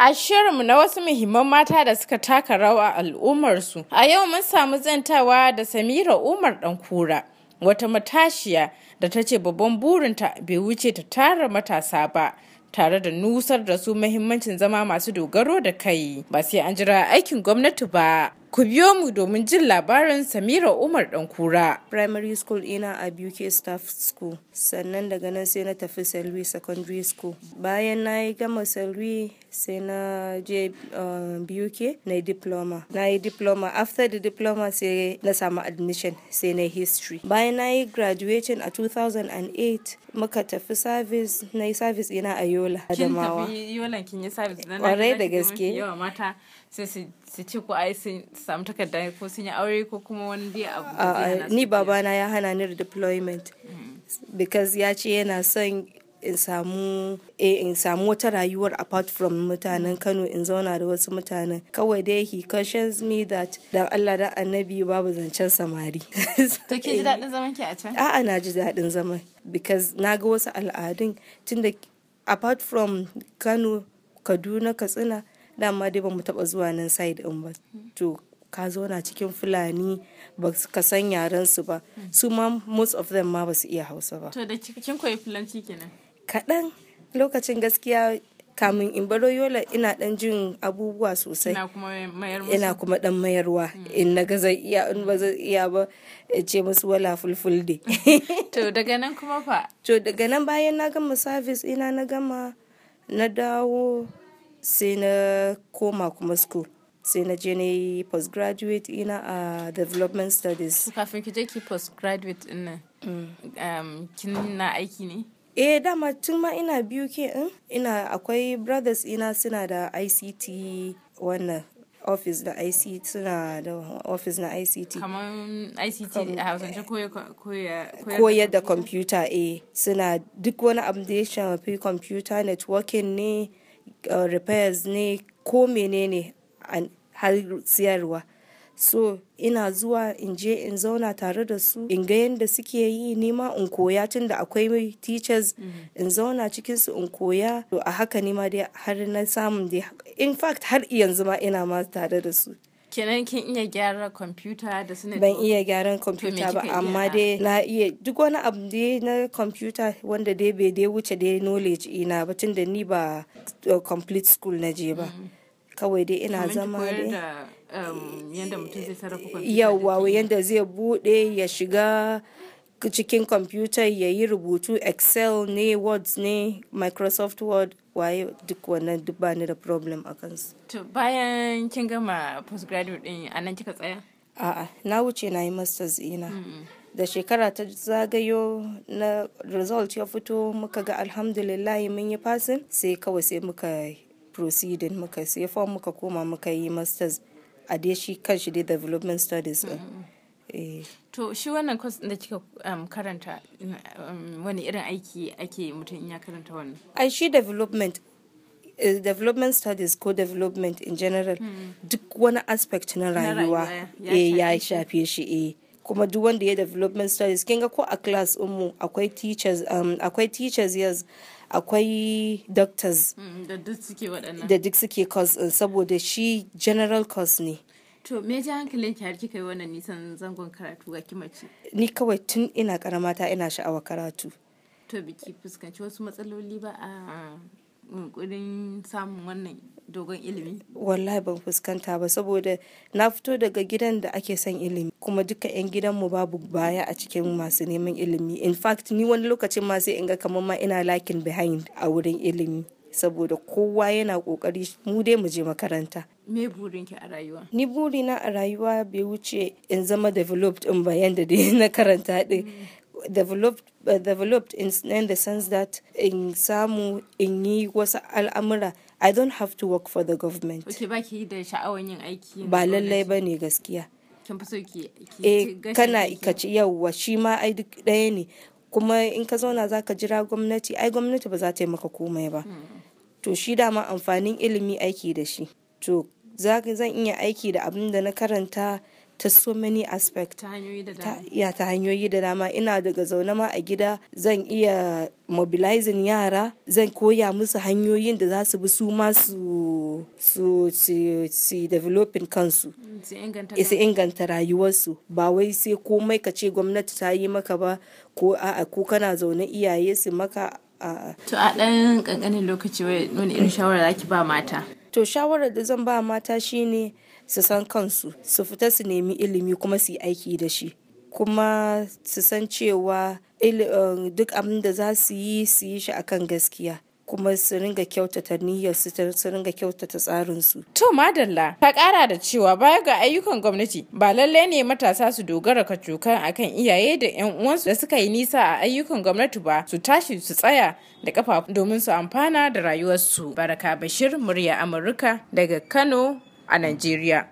A shirinmu na wasu muhimman mata da suka taka rawa a al'ummarsu, a yau mun samu zantawa da Samira Umar Ɗankura, wata matashiya da ta ce babban burinta bai wuce ta tara matasa ba, tare da nusar da su mahimmancin zama masu dogaro da kai, ba sai an jira aikin gwamnati ba. Ku biyo mu domin jin labarin Samira Umar Dankura. Primary school ina a UK Staff School, sannan daga nan sai na tafi Selwi Secondary School. Bayan na yi gama Selwi sai na je um, BUK na yi diploma. Na yi diploma, after the diploma sai na samu admission sai na history. Bayan na yi graduation a 2008 muka tafi service, na yi service ina a Yola. Kin tafi Yola kin yi service na da gaske. Yawa mata sai su ci ku ai samu takarda ko sun yi aure ko kuma wani dai abu ni babana ya hana ni deployment because ya ce yana son in samu eh, in samu wata rayuwar apart from mutanen Kano in zauna da wasu mutanen kawai dai he cautions me that dan Allah da annabi babu zancen samari to ke ji dadin zaman ki a can a'a na ji dadin zaman because na ga wasu al'adun tunda apart from Kano Kaduna Katsina dama dai ba mu taɓa zuwa nan side ɗin ba to ka zauna cikin fulani ba ka san yaren su ba su ma most of them ma ba su iya hausa ba to da cikin koyi fulanci kenan kaɗan lokacin gaskiya kamin in baro yola ina dan jin abubuwa sosai ina kuma dan mayarwa hmm. in na zai iya in ba zai iya ba ce musu wala fulful de to daga nan kuma fa to daga nan bayan na gama service ina na gama na dawo sai na koma kuma school sai na je na yi postgraduate ina a development studies kafin ki je ki postgraduate ina mm. um, kin na aiki ne eh dama tun ma ina biyu ke in mm. ina akwai brothers ina suna da ict wannan office da ICT suna da office na ICT. Kamar ICT a hausance koyar da computer eh suna duk wani abu da ya shafi computer networking ne Uh, repairs ne ko menene har siyarwa. So ina zuwa in je in zauna tare da su, in ga yadda suke yi, nima in koya tunda akwai teachers, mm-hmm. in zauna cikinsu in koya. To a haka nima dai har na samun dai in fact har yanzu ma ina ma tare da su. kenan kin iya gyara kwamfuta da su ban iya gyaran kwamfuta ba amma dai na iya duk wani abu dai na kwamfuta wanda dai bai dai wuce dai knowledge ina ba da ni ba uh, complete school na je ba mm-hmm. kawai dai ina zama dai yadda um, mutum zai sarrafa kwamfuta yawwa yadda zai bude ya shiga cikin kwamfutar ya yi rubutu excel ne words ne microsoft word waye duk wannan duk ba ni da problem a kansu to bayan kin gama postgraduate din a nan kika tsaya a'a na wuce na yi masters ina da shekara ta zagayo na result ya fito muka ga alhamdulillah mun yi passing sai kawai sai muka proceeding muka sai form muka koma muka yi masters a dai shi kanshi dai development studies din Eh. to shi wannan kwas da kika um, karanta um, um, wani irin aiki ake mutum ya karanta wannan ai shi development Uh, development studies ko development in general hmm. duk wani aspect na rayuwa ya eh, shafe shi eh kuma duk wanda ya development studies kinga ko a class mu akwai teachers um, akwai teachers yes akwai doctors hmm, da duk suke waɗannan da duk suke course saboda shi general course ne To me ji hankalin ki har kika yi wannan nisan zangon karatu ga kimace? Ni kawai tun ina karama ta ina sha'awar karatu. To biki fuskanci wasu matsaloli ba a yunkurin samun wannan dogon ilimi? Wallahi ban fuskanta ba saboda na fito daga gidan da ake son ilimi kuma duka 'yan gidan mu babu baya a cikin masu neman ilimi. In fact ni wani lokacin ma sai in ga kamar ma ina lakin behind a wurin ilimi. saboda kowa yana kokari mu dai mu je makaranta Me burinki a rayuwa? Ni burina a rayuwa bai wuce in zama developed in ba yanda dai na karanta din mm. Developed, eh, developed in, the sense that in samu in yi wasu al'amura I don't have to work for the government. Okay, ba ki da sha'awar yin aiki. Ba lallai ba ne gaskiya. Kin ki eh, kana ikaci shi ma ai duk ɗaya ne. Kuma in ka zauna za ka jira gwamnati ai gwamnati ba za ta yi maka komai ba. Mm. To shi dama amfanin ilimi aiki da shi. To zan iya aiki da abin da na karanta ta so many aspects ta hanyoyi da dama ina daga zaune ma a gida zan iya mobilizing yara zan koya musu hanyoyin da za su bi su ma su developing kansu su inganta rayuwarsu ba wai sai komai ka ce gwamnati ta yi maka ba ko a'a ko kana zaune iyaye su maka to a ɗan ƙanƙanin lokaci wani irin shawara zaki ba mata To shawarar da zan ba mata shine su san kansu, su fita su nemi ilimi kuma su yi aiki da shi. Kuma su san cewa eh, duk abin da za su yi, su yi shi akan gaskiya. kuma su ringa kyautata niyyar su ringa kyautata su To madalla ta kara da cewa baya ga ayyukan gwamnati ba lallai ne matasa su dogara kacokan akan iyaye da 'yan uwansu da suka yi nisa a ayyukan gwamnati ba su tashi su tsaya da kafa domin su amfana da rayuwarsu. Baraka Bashir murya Amurka daga Kano a Najeriya.